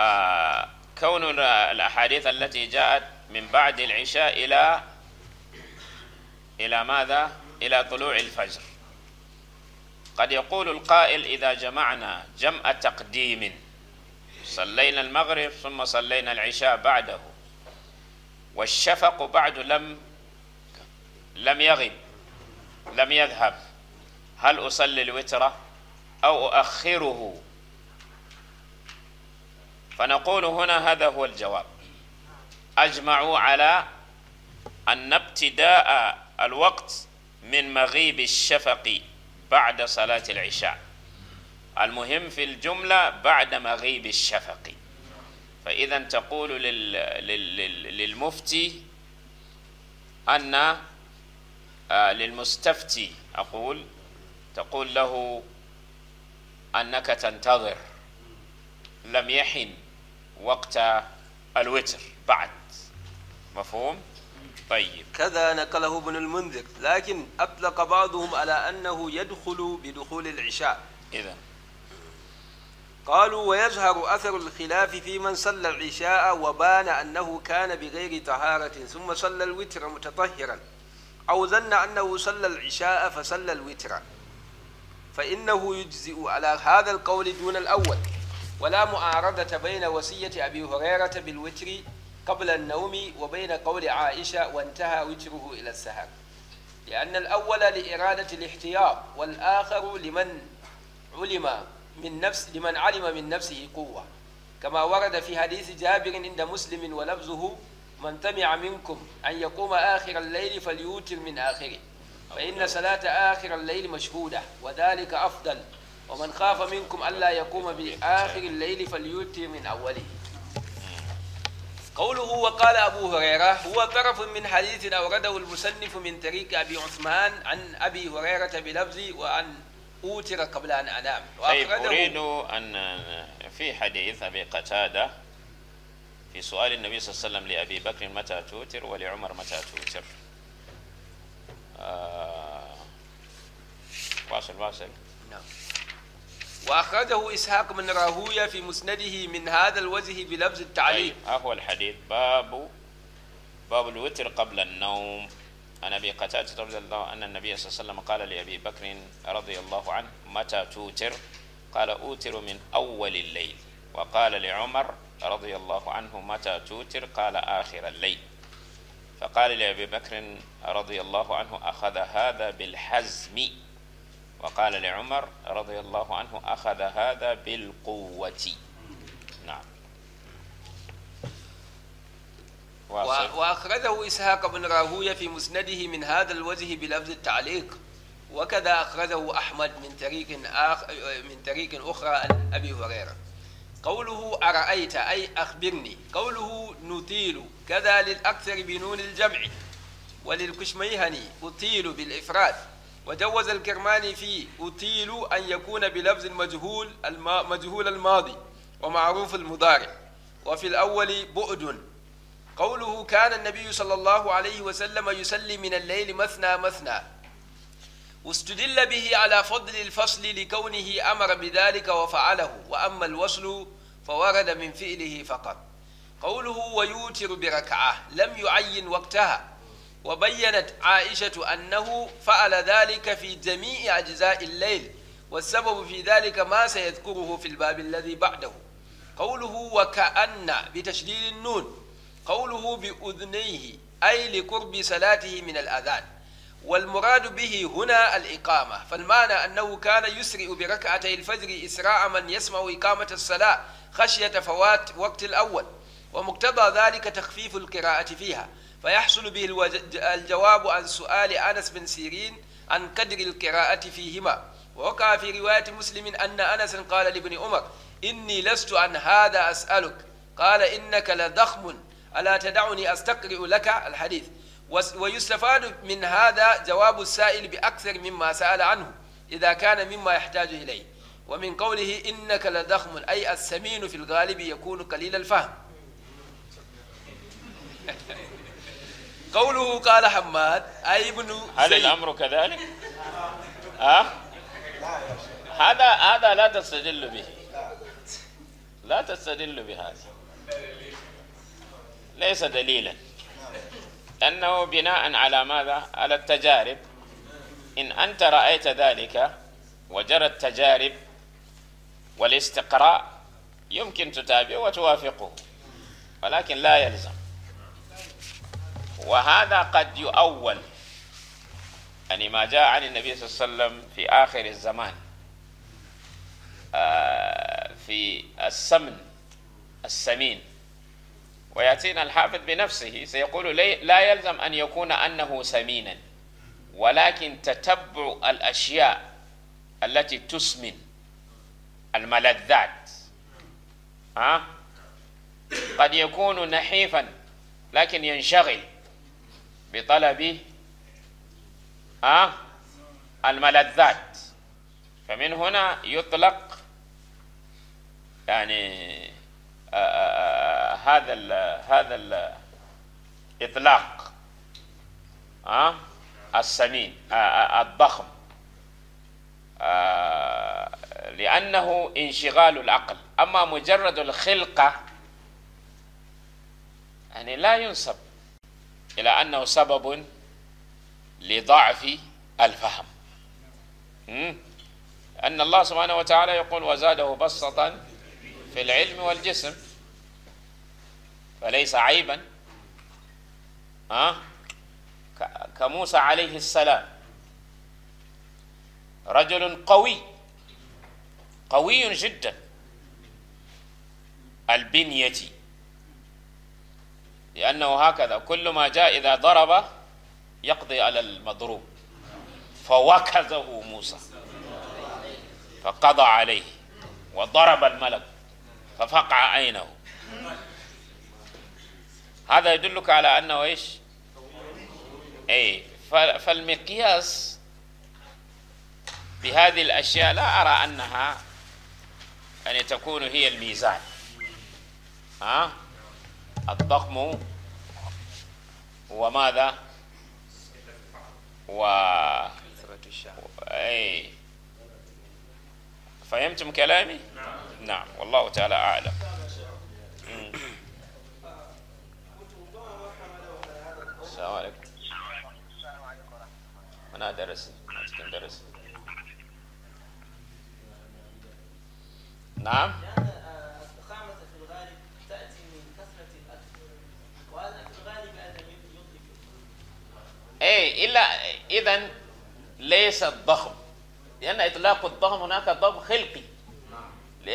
آه كون الأحاديث التي جاءت من بعد العشاء إلى إلى ماذا؟ إلى طلوع الفجر قد يقول القائل إذا جمعنا جمع تقديم صلينا المغرب ثم صلينا العشاء بعده والشفق بعد لم لم يغب لم يذهب هل أصلي الوتر أو أؤخره فنقول هنا هذا هو الجواب أجمعوا على أن ابتداء الوقت من مغيب الشفق بعد صلاة العشاء المهم في الجملة بعد مغيب الشفق فإذا تقول لل... لل... للمفتي أن آه، للمستفتي أقول تقول له أنك تنتظر لم يحن وقت الوتر بعد مفهوم؟ طيب كذا نقله ابن المنذر لكن أطلق بعضهم على أنه يدخل بدخول العشاء إذا قالوا ويظهر أثر الخلاف في من صلى العشاء وبان أنه كان بغير طهارة ثم صلى الوتر متطهرا أو ظن أنه صلى العشاء فصلى الوتر فإنه يجزئ على هذا القول دون الأول ولا معارضة بين وصية أبي هريرة بالوتر قبل النوم وبين قول عائشة وانتهى وتره إلى السهر لأن الأول لإرادة الاحتياط والآخر لمن علم من نفس لمن علم من نفسه قوة كما ورد في حديث جابر عند مسلم ولفظه من تمع منكم أن يقوم آخر الليل فليوتر من آخره فإن صلاة آخر الليل مشهودة وذلك أفضل ومن خاف منكم ألا يقوم بآخر الليل فليوتر من أوله قوله وقال أبو هريرة هو طرف من حديث أورده المصنف من طريق أبي عثمان عن أبي هريرة بلفظ وأن أوتر قبل أن أنام طيب أريد أن آه، في حديث أبي قتادة في سؤال النبي صلى الله عليه وسلم لأبي بكر متى توتر ولعمر متى توتر آه واصل واصل وأخرجه إسحاق بن راهوية في مسنده من هذا الوجه بلفظ التعليق ها طيب، هو الحديث باب باب الوتر قبل النوم عن أبي قتادة رضي الله أن النبي صلى الله عليه وسلم قال لأبي بكر رضي الله عنه متى توتر قال أوتر من أول الليل وقال لعمر رضي الله عنه متى توتر قال آخر الليل فقال لأبي بكر رضي الله عنه أخذ هذا بالحزم وقال لعمر رضي الله عنه أخذ هذا بالقوة نعم وأخرجه إسحاق بن راهوية في مسنده من هذا الوجه بلفظ التعليق وكذا أخرجه أحمد من طريق آخ من طريق أخرى عن أبي هريرة قوله أرأيت أي أخبرني قوله نطيل كذا للأكثر بنون الجمع وللكشميهني أطيل بالإفراد وجوز الكرماني في أطيل أن يكون بلفظ المجهول الما مجهول الماضي ومعروف المضارع وفي الأول بؤد قوله كان النبي صلى الله عليه وسلم يسلي من الليل مثنى مثنى واستدل به على فضل الفصل لكونه أمر بذلك وفعله وأما الوصل فورد من فعله فقط قوله ويوتر بركعة لم يعين وقتها وبينت عائشة أنه فعل ذلك في جميع أجزاء الليل والسبب في ذلك ما سيذكره في الباب الذي بعده قوله وكأن بتشديد النون قوله بأذنيه أي لقرب صلاته من الأذان والمراد به هنا الإقامة فالمعنى أنه كان يسرع بركعتي الفجر إسراء من يسمع إقامة الصلاة خشية فوات وقت الأول ومقتضى ذلك تخفيف القراءة فيها فيحصل به الجواب عن سؤال أنس بن سيرين عن قدر القراءة فيهما ووقع في رواية مسلم أن أنس قال لابن عمر إني لست عن هذا أسألك قال إنك لضخم ألا تدعني أستقرئ لك الحديث ويستفاد من هذا جواب السائل بأكثر مما سأل عنه إذا كان مما يحتاج إليه ومن قوله إنك لضخم أي السمين في الغالب يكون قليل الفهم قوله قال حماد أي ابن هل زيد. الأمر كذلك؟ أه؟ هذا هذا لا تستدل به لا تستدل بهذا ليس دليلا أنه بناء على ماذا؟ على التجارب إن أنت رأيت ذلك وجرى التجارب والاستقراء يمكن تتابعه وتوافقه ولكن لا يلزم وهذا قد يؤول يعني ما جاء عن النبي صلى الله عليه وسلم في آخر الزمان آه، في السمن السمين ويأتينا الحافظ بنفسه سيقول لا يلزم أن يكون أنه سمينا ولكن تتبع الأشياء التي تسمن الملذات ها آه؟ قد يكون نحيفا لكن ينشغل بطلب آه؟ الملذات فمن هنا يطلق يعني آه، آه، هذا الـ هذا الاطلاق السمين الضخم لأنه انشغال العقل أما مجرد الخلقة يعني لا ينسب إلى أنه سبب لضعف الفهم أن الله سبحانه وتعالى يقول وزاده بسطا في العلم والجسم فليس عيبا كموسى عليه السلام رجل قوي قوي جدا البنية لأنه هكذا كل ما جاء إذا ضرب يقضي على المضروب فوكزه موسى فقضى عليه وضرب الملك ففقع عينه هذا يدلك على أنه إيش أي فالمقياس بهذه الأشياء لا أرى أنها أن يعني تكون هي الميزان ها أه؟ الضخم وماذا و أي فهمتم كلامي نعم, نعم. والله تعالى أعلم السلام عليكم أنا درس أتكلم درس نعم اي الا اذا ليس الضخم لان اطلاق الضخم هناك ضخم خلقي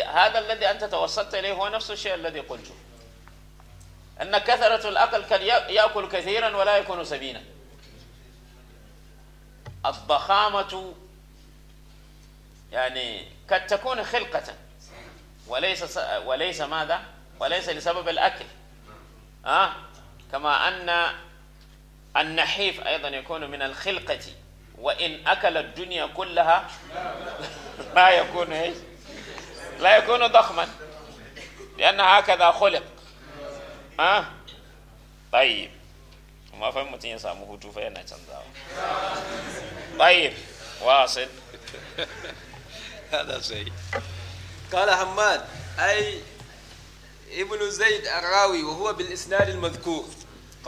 هذا الذي انت توصلت اليه هو نفس الشيء الذي قلته ان كثره الاكل ياكل كثيرا ولا يكون سبينا الضخامه يعني قد تكون خلقه وليس وليس ماذا وليس لسبب الاكل ها آه؟ كما ان النحيف أيضا يكون من الخلقة وإن أكل الدنيا كلها لا يكون إيش لا يكون ضخما لأن هكذا خلق ها آه. طيب ما فهمت متين سامو هجو فين طيب واصل هذا شيء قال حماد أي ابن زيد الراوي وهو بالإسناد المذكور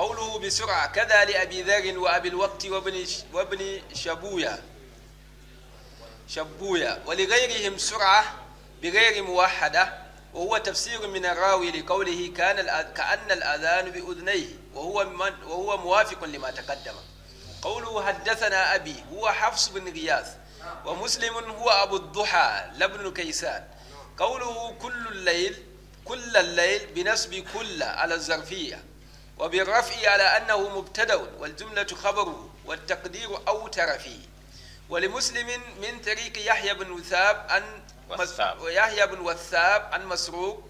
قوله بسرعة كذا لأبي ذر وأبي الوقت وابن وابن شبوية شبوية ولغيرهم سرعة بغير موحدة وهو تفسير من الراوي لقوله كان كأن الأذان بأذنيه وهو من وهو موافق لما تقدم قوله حدثنا أبي هو حفص بن غياث ومسلم هو أبو الضحى لابن كيسان قوله كل الليل كل الليل بنسب كل على الزرفيه وبالرفع على أنه مبتدا والجملة خبره والتقدير أوتر فيه ولمسلم من طريق يحيى بن وثاب أن ويحيى بن وثاب عن مسروق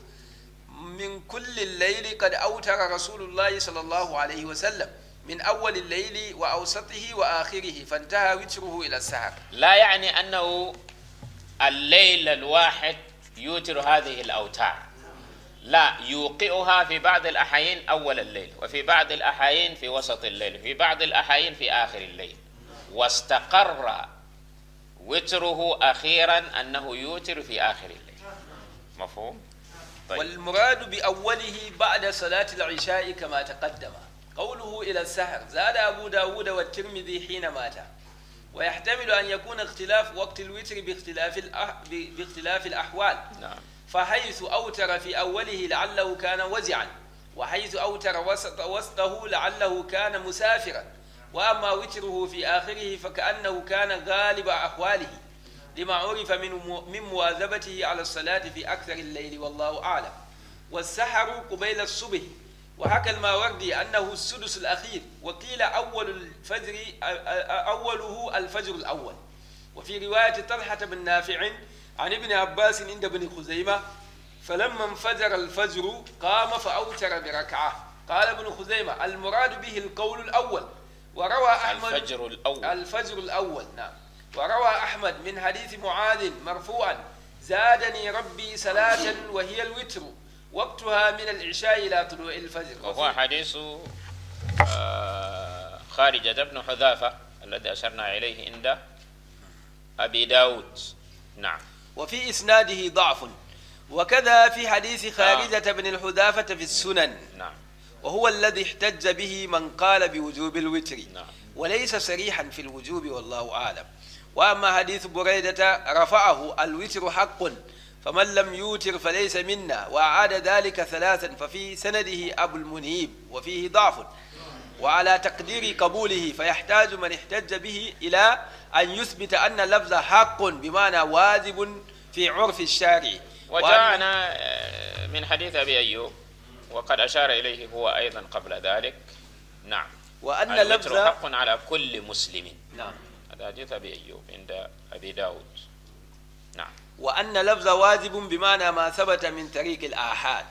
من كل الليل قد أوتر رسول الله صلى الله عليه وسلم من أول الليل وأوسطه وآخره فانتهى وتره إلى السحر لا يعني أنه الليل الواحد يوتر هذه الأوتار لا يوقئها في بعض الأحيان أول الليل وفي بعض الأحيان في وسط الليل في بعض الأحيان في آخر الليل واستقر وتره أخيرا أنه يوتر في آخر الليل مفهوم؟ طيب. والمراد بأوله بعد صلاة العشاء كما تقدم قوله إلى السحر زاد أبو داود والترمذي حين مات ويحتمل أن يكون اختلاف وقت الوتر باختلاف, الأح... باختلاف الأحوال نعم فحيث أوتر في أوله لعله كان وزعا وحيث أوتر وسط وسطه لعله كان مسافرا وأما وتره في آخره فكأنه كان غالب أحواله لما عرف من من مواذبته على الصلاة في أكثر الليل والله أعلم والسحر قبيل الصبح وحكى الماوردي أنه السدس الأخير وقيل أول الفجر أوله الفجر الأول وفي رواية طلحة بن نافع عن ابن عباس عند ابن خزيمة فلما انفجر الفجر قام فأوتر بركعة قال ابن خزيمة المراد به القول الأول وروى أحمد الفجر الأول الفجر الأول نعم وروى أحمد من حديث معاذ مرفوعا زادني ربي صلاة وهي الوتر وقتها من العشاء إلى طلوع الفجر وهو حديث آه، خارجة بن حذافة الذي أشرنا إليه عند أبي داود نعم وفي إسناده ضعف وكذا في حديث خارجة بن الحذافة في السنن نعم وهو الذي احتج به من قال بوجوب الوتر نعم وليس صريحا في الوجوب والله أعلم وأما حديث بريدة رفعه الوتر حق فمن لم يوتر فليس منا وأعاد ذلك ثلاثا ففي سنده أبو المنيب وفيه ضعف وعلى تقدير قبوله فيحتاج من احتج به إلى أن يثبت أن اللفظ حق بمعنى واجب في عرف الشارع وجاءنا آه، من حديث أبي أيوب وقد أشار إليه هو أيضا قبل ذلك نعم وأن اللفظ حق على كل مسلم نعم هذا حديث أبي أيوب عند أبي داود نعم وأن لفظ واجب بمعنى ما ثبت من طريق الآحاد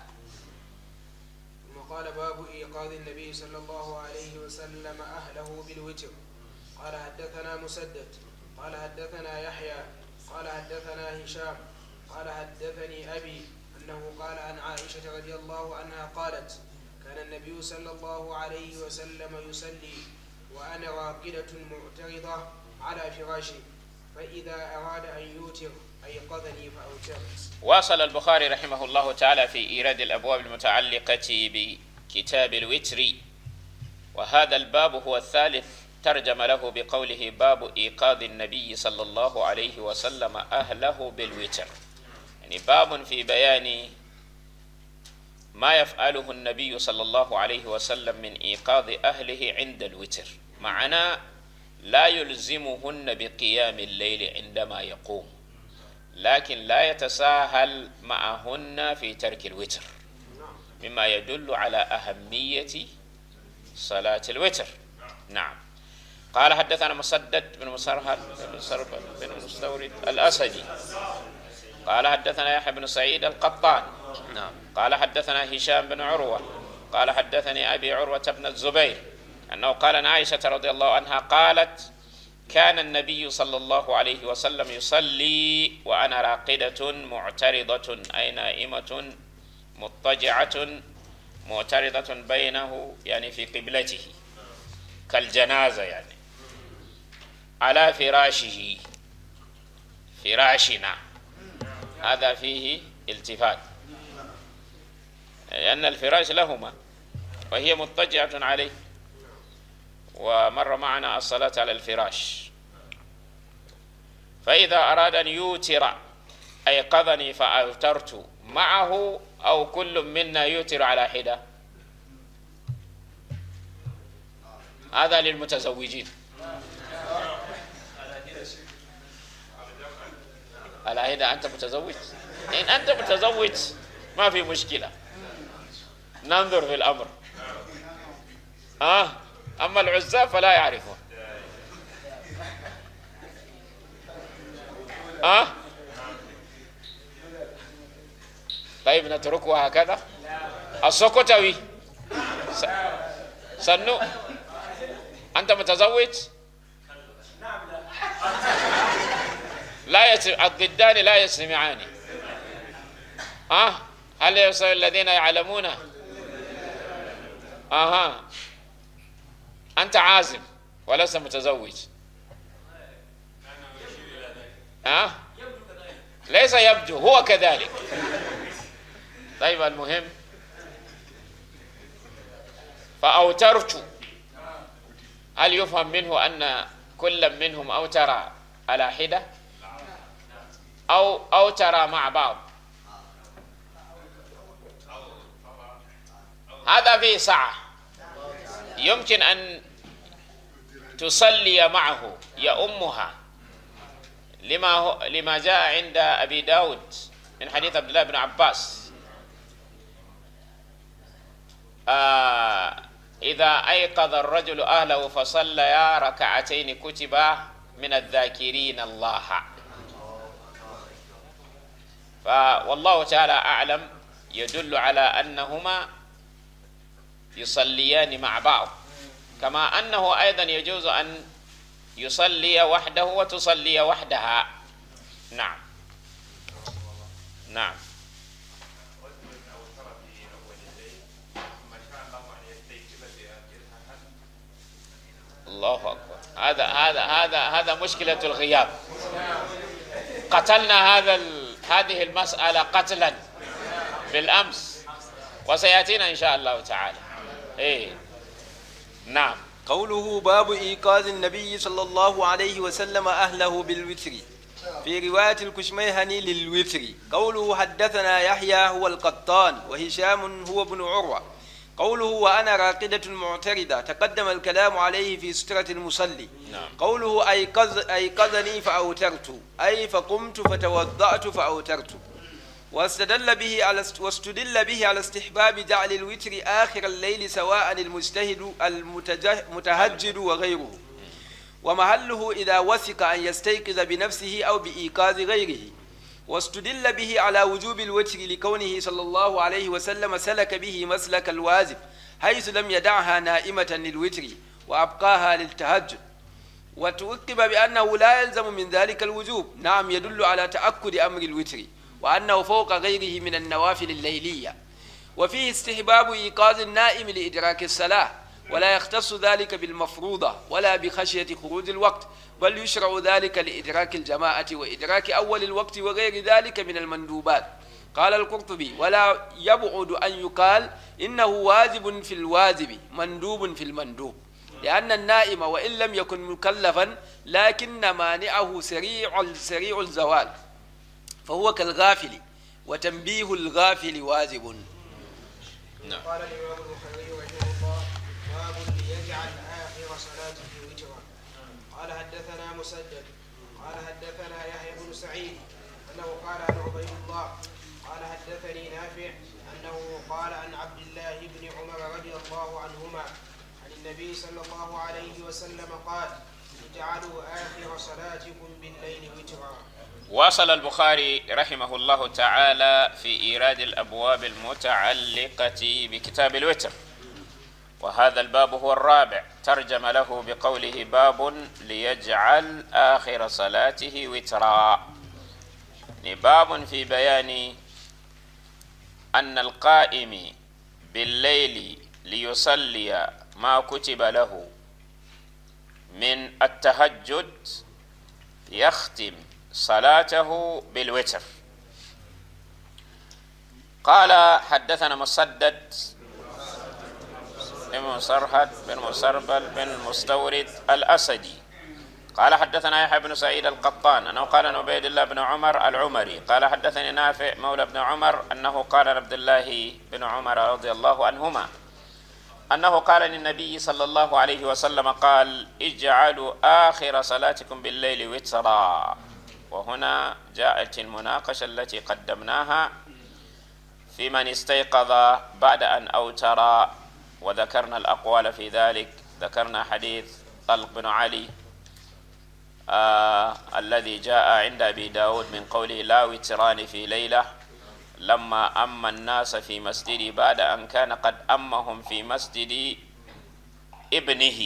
قال باب إيقاظ النبي صلى الله عليه وسلم أهله بالوتر قال حدثنا مسدد قال حدثنا يحيى قال حدثنا هشام قال حدثني أبي أنه قال عن عائشة رضي الله عنها قالت كان النبي صلى الله عليه وسلم يصلي وأنا راقدة معترضة على فراشي فإذا أراد أن يوتر أيقظني فأوترت واصل البخاري رحمه الله تعالى في إيراد الأبواب المتعلقة بكتاب الوتر وهذا الباب هو الثالث ترجم له بقوله باب إيقاظ النبي صلى الله عليه وسلم أهله بالوتر يعني باب في بيان ما يفعله النبي صلى الله عليه وسلم من إيقاظ أهله عند الوتر معناه لا يلزمهن بقيام الليل عندما يقوم لكن لا يتساهل معهن في ترك الوتر مما يدل على أهمية صلاة الوتر نعم قال حدثنا مسدد بن مسرهد بن سرب بن مستورد الأسدي قال حدثنا يحيى بن سعيد القطان نعم قال حدثنا هشام بن عروة قال حدثني أبي عروة بن الزبير أنه قال أن عائشة رضي الله عنها قالت كان النبي صلى الله عليه وسلم يصلي وأنا راقدة معترضة أي نائمة مضطجعة معترضة بينه يعني في قبلته كالجنازة يعني على فراشه فراشنا هذا فيه التفات لأن الفراش لهما وهي مضطجعة عليه ومر معنا الصلاة على الفراش فإذا أراد أن يوتر أيقظني فأوترت معه أو كل منا يوتر على حدة هذا للمتزوجين على إذا أنت متزوج إن أنت متزوج ما في مشكلة ننظر في الأمر آه أما العزاب فلا يعرفون آه طيب نتركه هكذا السكوتوي سنو أنت متزوج نعم لا لا يسم الضدان لا يسمعان ها هل يستوي الذين يعلمون اها انت عازم ولست متزوج ها ليس يبدو هو كذلك طيب المهم فأوترت هل يفهم منه أن كل منهم أوتر على حدة أو أو ترى مع بعض هذا فيه ساعة يمكن أن تصلي معه أمها لما هو لما جاء عند أبي داود من حديث عبد الله بن عباس آه إذا أيقظ الرجل أهله فصلى ركعتين كتبا من الذاكرين الله فوالله تعالى أعلم يدل على أنهما يصليان مع بعض كما أنه أيضا يجوز أن يصلي وحده وتصلي وحدها نعم نعم الله اكبر هذا هذا هذا هذا مشكله الغياب قتلنا هذا ال هذه المسألة قتلا بالأمس وسيأتينا إن شاء الله تعالى إيه نعم قوله باب إيقاظ النبي صلى الله عليه وسلم أهله بالوتر في رواية الكشميهني للوتر قوله حدثنا يحيى هو القطان وهشام هو ابن عروة قوله وأنا راقدة معتردة تقدم الكلام عليه في سترة المصلي نعم. قوله أيقظ أيقظني فأوترت أي فقمت فتوضأت فأوترت واستدل به على واستدل به على استحباب جعل الوتر آخر الليل سواء المجتهد المتهجد وغيره ومحله إذا وثق أن يستيقظ بنفسه أو بإيقاظ غيره واستدل به على وجوب الوتر لكونه صلى الله عليه وسلم سلك به مسلك الواجب حيث لم يدعها نائمة للوتر وأبقاها للتهجد وتوقب بأنه لا يلزم من ذلك الوجوب نعم يدل على تأكد أمر الوتر وأنه فوق غيره من النوافل الليلية وفيه استحباب إيقاظ النائم لإدراك الصلاة ولا يختص ذلك بالمفروضة ولا بخشية خروج الوقت بل يشرع ذلك لإدراك الجماعة وإدراك أول الوقت وغير ذلك من المندوبات قال القرطبي ولا يبعد أن يقال إنه واجب في الواجب مندوب في المندوب لأن النائم وإن لم يكن مكلفا لكن مانعه سريع سريع الزوال فهو كالغافل وتنبيه الغافل واجب نعم قال حدثنا مسدد قال حدثنا يحيى بن سعيد انه قال عن عبيد الله قال حدثني نافع انه قال عن عبد الله بن عمر رضي الله عنهما عن النبي صلى الله عليه وسلم قال اجعلوا اخر صلاتكم بالليل وترا واصل البخاري رحمه الله تعالى في ايراد الابواب المتعلقه بكتاب الوتر وهذا الباب هو الرابع ترجم له بقوله باب ليجعل آخر صلاته وترا يعني باب في بيان أن القائم بالليل ليصلي ما كتب له من التهجد يختم صلاته بالوتر قال حدثنا مسدد بن مسرحد بن مسربل بن المستورد الأسدي قال حدثنا يحيى بن سعيد القطان أنه قال أن عبيد الله بن عمر العمري قال حدثني نافع مولى بن عمر أنه قال عبد الله بن عمر رضي الله عنهما أنه قال للنبي صلى الله عليه وسلم قال اجعلوا آخر صلاتكم بالليل وترا وهنا جاءت المناقشة التي قدمناها في من استيقظ بعد أن أوتر وذكرنا الأقوال في ذلك ذكرنا حديث طلق بن علي آه الذي جاء عند أبي داود من قوله لا وتران في ليلة لما أما الناس في مسجدي بعد أن كان قد أمهم في مسجد ابنه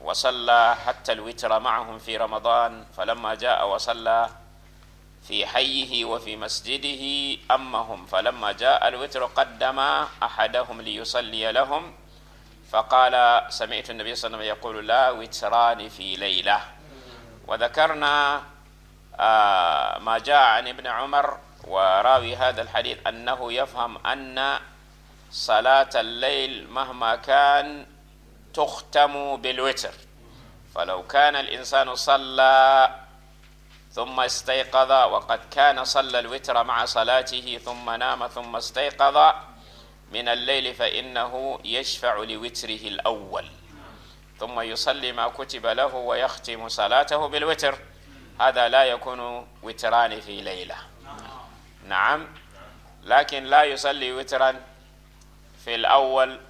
وصلى حتى الوتر معهم في رمضان فلما جاء وصلى في حيه وفي مسجده أما هم فلما جاء الوتر قدم أحدهم ليصلي لهم فقال سمعت النبي صلى الله عليه وسلم يقول لا وتران في ليلة وذكرنا آه، ما جاء عن ابن عمر وراوي هذا الحديث أنه يفهم أن صلاة الليل مهما كان تختم بالوتر فلو كان الإنسان صلى ثم استيقظ وقد كان صلى الوتر مع صلاته ثم نام ثم استيقظ من الليل فإنه يشفع لوتره الأول ثم يصلي ما كتب له ويختم صلاته بالوتر هذا لا يكون وتران في ليلة نعم لكن لا يصلي وترا في الأول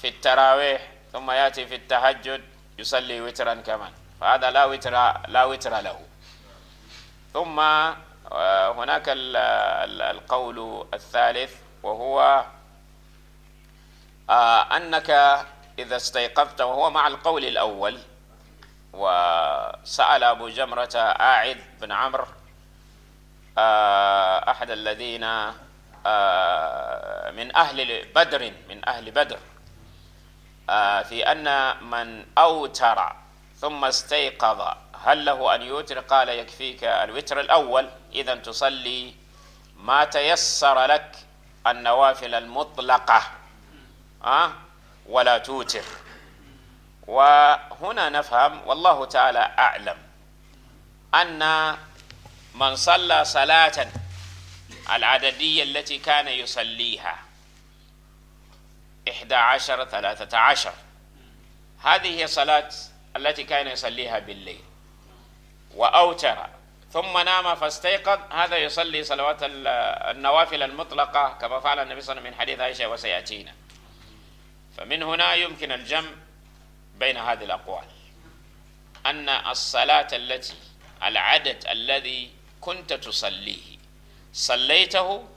في التراويح ثم يأتي في التهجد يصلي وترا كمان فهذا لا وتر لا وتر له ثم آه، هناك القول الثالث وهو آه، أنك إذا استيقظت وهو مع القول الأول وسأل أبو جمرة آعد بن عمرو آه، أحد الذين من أهل بدر من أهل بدر في أن من أوتر ثم استيقظ هل له أن يوتر قال يكفيك الوتر الأول إذا تصلي ما تيسر لك النوافل المطلقة أه؟ ولا توتر وهنا نفهم والله تعالى أعلم أن من صلى صلاة العددية التي كان يصليها إحدى عشر ثلاثة عشر هذه هي صلاة التي كان يصليها بالليل وأوتر ثم نام فاستيقظ هذا يصلي صلوات النوافل المطلقة كما فعل النبي صلى الله عليه وسلم من حديث عائشة وسيأتينا فمن هنا يمكن الجمع بين هذه الأقوال أن الصلاة التي العدد الذي كنت تصليه صليته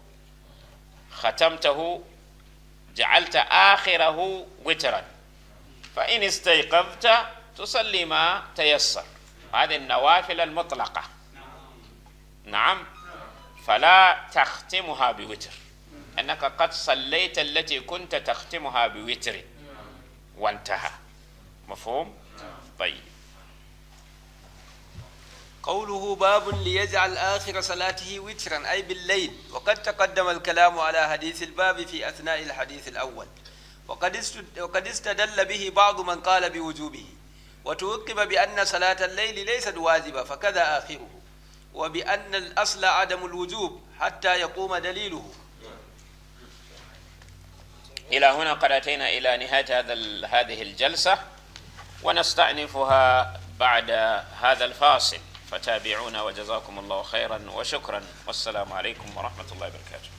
ختمته جعلت آخره وترا فإن استيقظت تصلي ما تيسر هذه النوافل المطلقة نعم فلا تختمها بوتر أنك قد صليت التي كنت تختمها بوتر وانتهى مفهوم؟ طيب قوله باب ليجعل آخر صلاته وترا أي بالليل وقد تقدم الكلام على حديث الباب في أثناء الحديث الأول وقد استدل به بعض من قال بوجوبه وتوقب بأن صلاة الليل ليست واجبة فكذا آخره وبأن الأصل عدم الوجوب حتى يقوم دليله إلى هنا قد أتينا إلى نهاية هذا هذه الجلسة ونستأنفها بعد هذا الفاصل فتابعونا وجزاكم الله خيرا وشكرا والسلام عليكم ورحمة الله وبركاته